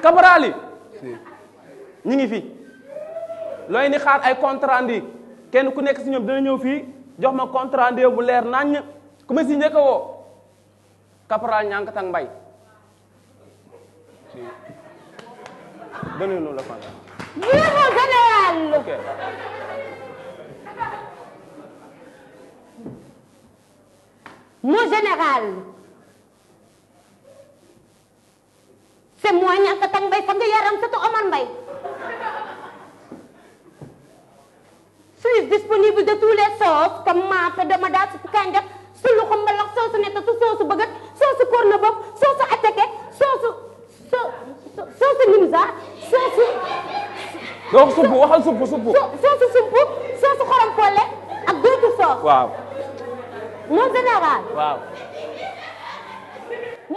Camara Ali ñi ngi fi looy ni xaar ay compte rendu kenn ku nekk si ñoom dina ñëw fii jox ma compte rendu bu leer nañ ku ma si njëkk woo caporal ñànk mbay Mon général semuanya ketang baik sampai yaram satu aman baik suis disponible de tous les sauces comme mata dama da su kanjak sulu ko mbalak sauce neta su sauce bagat sauce corne bob sauce attaqué sauce sauce nimza sauce donc supu waxal supu supu sauce supu sauce xorom polé ak d'autres sauces waaw mon général waaw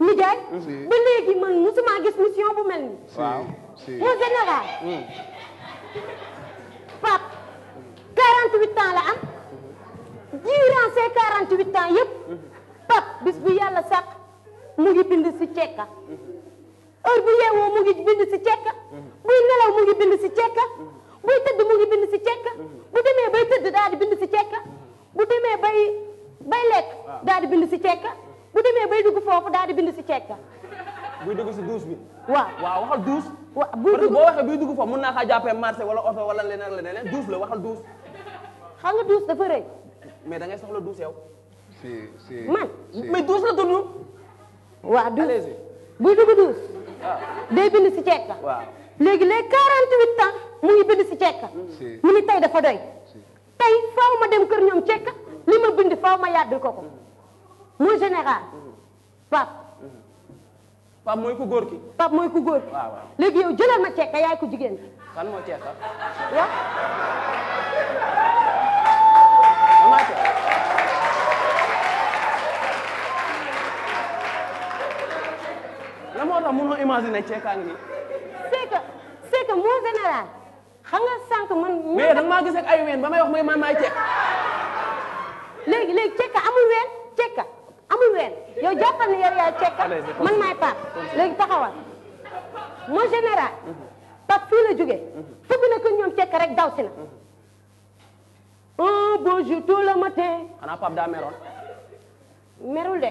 nijaay ba léegi man musuma gis mission bu mel ni mon général hmm. pap 48 ans la am durant ces 48 ans yëpp pap bis bu yàlla sàkk mu ngi bind si cekka heure bu yeewoo mu ngi bind si cekka buy nelaw mu ngi bind si cekka buy tëdd mu ngi bind si cekka bu demee bay tëdd daal di bind si cekka bu demee bay bay lekk ah. daal di bind si cekka demee bay dugg foofu daal di bind si ceeb ka. buy dugg si douche bi. waaw waaw waxal douche. wa buy dugg parce que boo waxee buy dugg foofu mën naa kaa jàppee marché wala oto wala leneen ak leneen douche la waxal douche. xam nga douche dafa rëy. mais da ngay soxla douche yow. si si man mais douche la tudd. waaw douche buy dugg douche. Ah. day bind si ceeb ka. léegi les 48 ans mu ngi bind si ceeb ka. mu ni dafa doy. tey faaw ma dem kër ñoom ceeb li ma bind faaw ma yàddul ko ko. muy général. Pape. Pape mooy ku góor ki. Pape mooy ku góor ki. waaw waaw léegi yow jëlal ma ceeka yaay ku jigéen ki. kan moo ceeka. waaw. damaa ceeka. la moo tax mënoo imaginer ceekaa ngi. c'est que c'est que mon général. xam nga sànq man. mais da nga maa gis ak ay ween ba may wax mooy man maay ceek. léegi léegi ceeka amul ween. ween yow jàppal ne yow yaay cekka man maay pap léegi taxawal mon général mhm. pap fii la jógee mhm. fukk na ko ñoom cekka rek daw si na oh mhm. bonjour tout le matin xanaa pap daa meroon merul de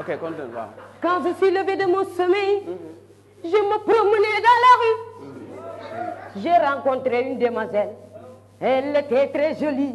ok continue waaw quand je suis levé de mon sommeil je me promenais dans la rue j'ai rencontré une demoiselle elle était très jolie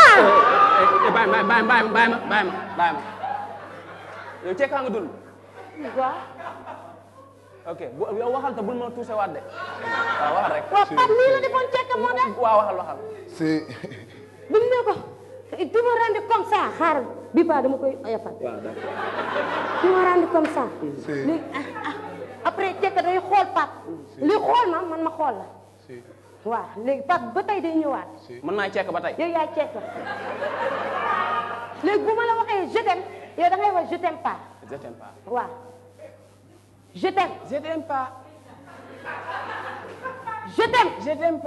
bàyyi ma bàyyi ma bàyyi ma bàyyi ma bàyyi ma yow ceeb kaa nga dund. Iya. ok bu yow waxal te bul ma tuuse waat de. waaw waxal rek. waaw Pape lii la defoon ceeb moo def. waaw waxal waxal. c'est. buñ ne ko tu me rends comme ça xaaral bi ba dama koy oyofal. waaw d'accord. tu me rends comme ça. c'est. léegi après ceeb day xool Pape. li xool ah, ah. ma man ma xool la. waaw léegi Pape ba tey day ñëwaat. mën naa cekk ba tey. yow yaay cekk léegi bu ma la waxee je t'aime yow da ngay wax je t'aime pas. je t'aime pas waaw. je t'aime. je t'aime pas. je t'aime.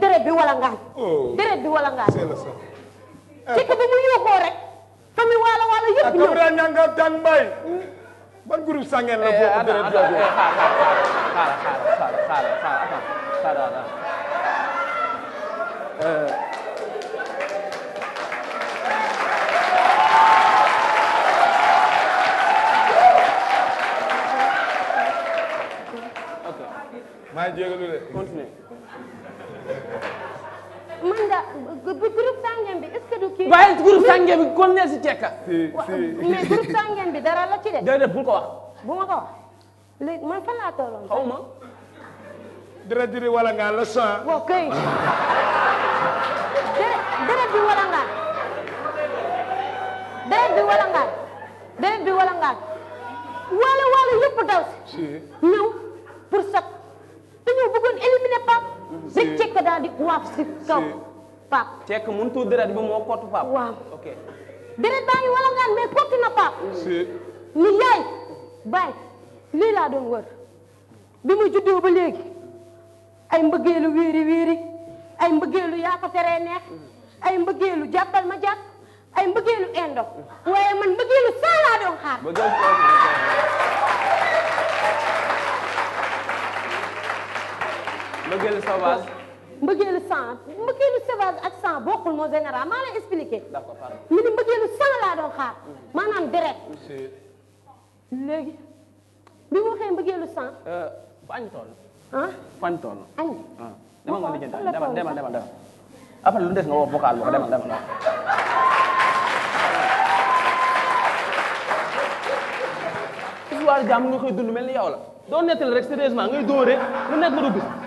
deret bi wala ngaan oh. deret bi wala eh. ci ko bi mu yuuxoo rek fami wala wala yëpp ñëw akabra ñanga tan bay ban groupe sangel la bokk deret jooju xaar xaar xaar xaar xaar xaar xaar maa continue groupe sàngem bi est ce que du kii. bi kon ne si cekka. mais groupe sàngem bi dara la ci de. déedéet bul ko wax. bu ma ko wax léegi man fan laa tolloon. xaw ma. dara diri wala ngaa la sang. waaw kay. deret bi wala ngaan deret bi wala wala wala wala daw pour bëggoon éliminer rek di waaf si kaw pap tek mun tu deret bi mo kotu pap waaw okay deret ba ngi wala ngaan mais kotu na pap si ni yaay bay li la doon wër bi mu juddoo ba léegi ay mbëggeelu wiiri wiiri ay mbëggeelu yaa ko teree neex ay mbëggeelu jàppal ma jàpp ay mbëggeelu endo waaye man mbëggeelu saa laa doon xaar mbëggeelu sauvage mbëggeelu sang mbëggeelu sauvage ak sang bokkul moo général maa lay expliqué. d'accord pardon ñu ni mbëggeelu sang laa doon xaar. maanaam deret. léegi bi mu waxee mbëggeelu sang. Euh, fañ toll. ah fañ toll. añ. Ah. demal nga lijjanti demal demal demal après lu des nga wax vocal boo demal demal. histoire jàmm nga koy dund mel ni yow la. doo nettali rek sérieusement ngay dóore lu nekk nga du gis.